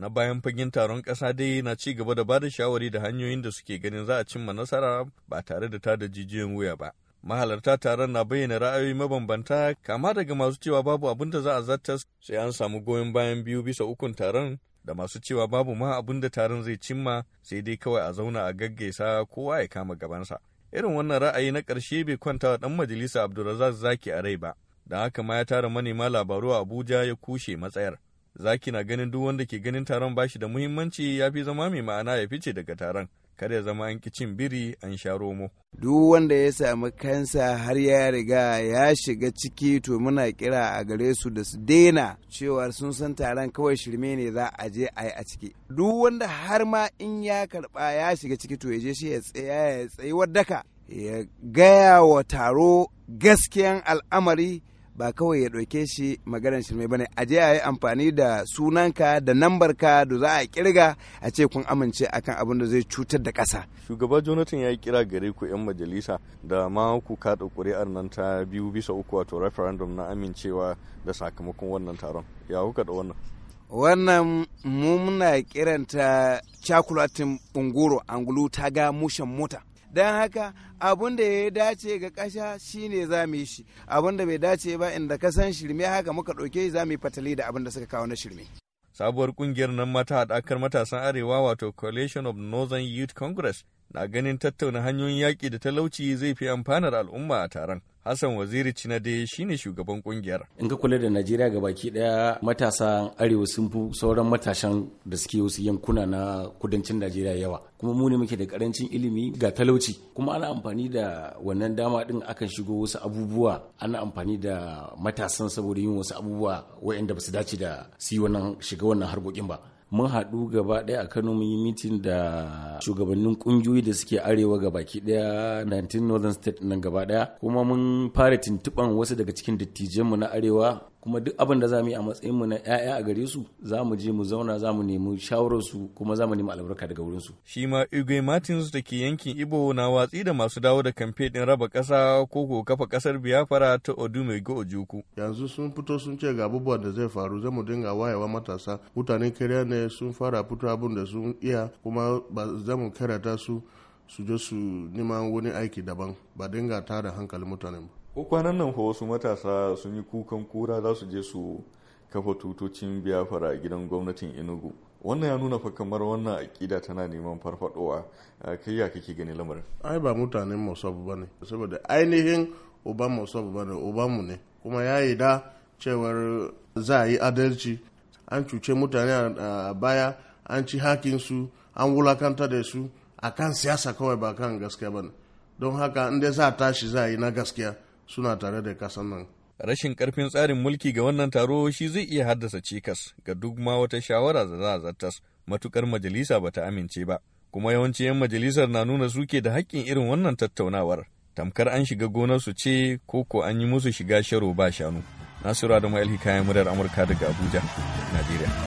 na bayan fagen taron ƙasa dai na ci gaba da ba da shawari da hanyoyin da suke ganin za a cimma nasara ba tare da tada jijiyan wuya ba. Mahalarta taron na bayyana ra'ayoyi mabambanta kama daga masu cewa babu abin da za a zartas sai an samu goyon bayan biyu bisa ukun taron da masu cewa babu ma abin da taron zai cimma sai dai kawai a zauna a gaggaisa kowa ya kama gabansa. Irin wannan ra'ayi na ƙarshe bai kwanta wa ɗan majalisa Abdulrazak Zaki a rai ba, da haka ma ya tara manema labaru a Abuja ya kushe matsayar. Zaki na ganin duk wanda ke ganin taron bashi da muhimmanci ya fi zama mai ma'ana ya fice daga taron. kada ya zama an cin biri an sha romo. Duk wanda ya sami kansa har ya riga ya shiga ciki to muna kira a gare su da su daina cewar sun san taron kawai shirme ne za a je a a ciki. Duk wanda har ma in ya karba ya shiga ciki to ya je shi ya tsaya ya tsayi daka ya gaya wa taro gaskiyan al'amari ba kawai ya ɗauke shi maganar shirme ne a je a yi amfani da sunanka da nambarka da za a kirga a ce kun amince akan abin da zai cutar da ƙasa shugaba jonathan ya yi kira gare ku 'yan majalisa da ma ku kaɗa ƙuri'ar nan ta biyu bisa uku wato referendum na amincewa da sakamakon wannan taron ya kuka da wannan wannan mu muna kiranta cakulatin unguro angulu ta ga mushen mota don haka abun da ya dace ga ƙasha shine za mu yi shi abun da bai dace ba inda ka san shirme haka muka ɗauke za mu yi fatali da abin da suka kawo na shirme sabuwar kungiyar nan mata a haɗakar matasan arewa wato coalition of northern youth congress na ganin tattauna hanyoyin yaƙi da talauci zai fi amfanar al'umma a taron Hassan Waziri Cinade shine shugaban kungiyar. In ka kula da Najeriya ga baki daya matasan arewa sun fi sauran matashan da suke wasu yankuna na kudancin Najeriya yawa. Kuma mu ne muke da karancin ilimi ga talauci. Kuma ana amfani da wannan dama din akan shigo wasu abubuwa ana amfani da matasan saboda yin wasu abubuwa waɗanda ba su dace da su yi wannan shiga wannan harkokin ba. mun haɗu gaba ɗaya a Kano mun yi mitin da shugabannin kungiyoyi da suke arewa ga baki ɗaya 19 Northern State nan gaba ɗaya kuma mun fara tuntuɓan wasu daga cikin dattijanmu na arewa kuma duk abin da za mu yi a matsayin mu na 'ya'ya a gare su za mu je mu zauna za mu nemi shawararsu kuma za mu nemi albarka daga wurin su. Shi ma Igwe Martins da ke yankin Ibo na watsi da masu dawo da kamfe din raba ƙasa ko ko kafa ƙasar Biafra ta go Ojukwu. Yanzu sun fito sun ce ga abubuwan da zai faru za mu dinga wayewa matasa mutanen kariya ne sun fara fito abin da sun iya kuma ba za mu karata su su je su neman wani aiki daban ba dinga tada hankalin mutane ba. ko kwanan nan fa wasu matasa sun yi kukan kura za su je su kafa tutocin biyafara a gidan gwamnatin enugu wannan ya nuna fa kamar wannan aƙida tana neman farfadowa kai ya kake gani lamarin ai ba mutanen mosob ba ne saboda ainihin uban mosob ba ne ubanmu ne kuma ya yi da cewar za yi adalci an cuce mutane a baya an ci su an wulakanta da su akan siyasa kawai ba kan gaskiya ba ne don haka inda za a tashi za yi na gaskiya suna tare da kasan nan rashin karfin tsarin mulki ga wannan taro shi zai iya haddasa cikas ga duk ma wata shawara da za a zartas matukar majalisa ba ta amince ba kuma yawanci 'yan majalisar na nuna suke da haƙƙin irin wannan tattaunawar tamkar an shiga gonarsu ce ko ko an yi musu shiga sharo ba shanu nasiru adamu alhikayen murar amurka daga abuja najeriya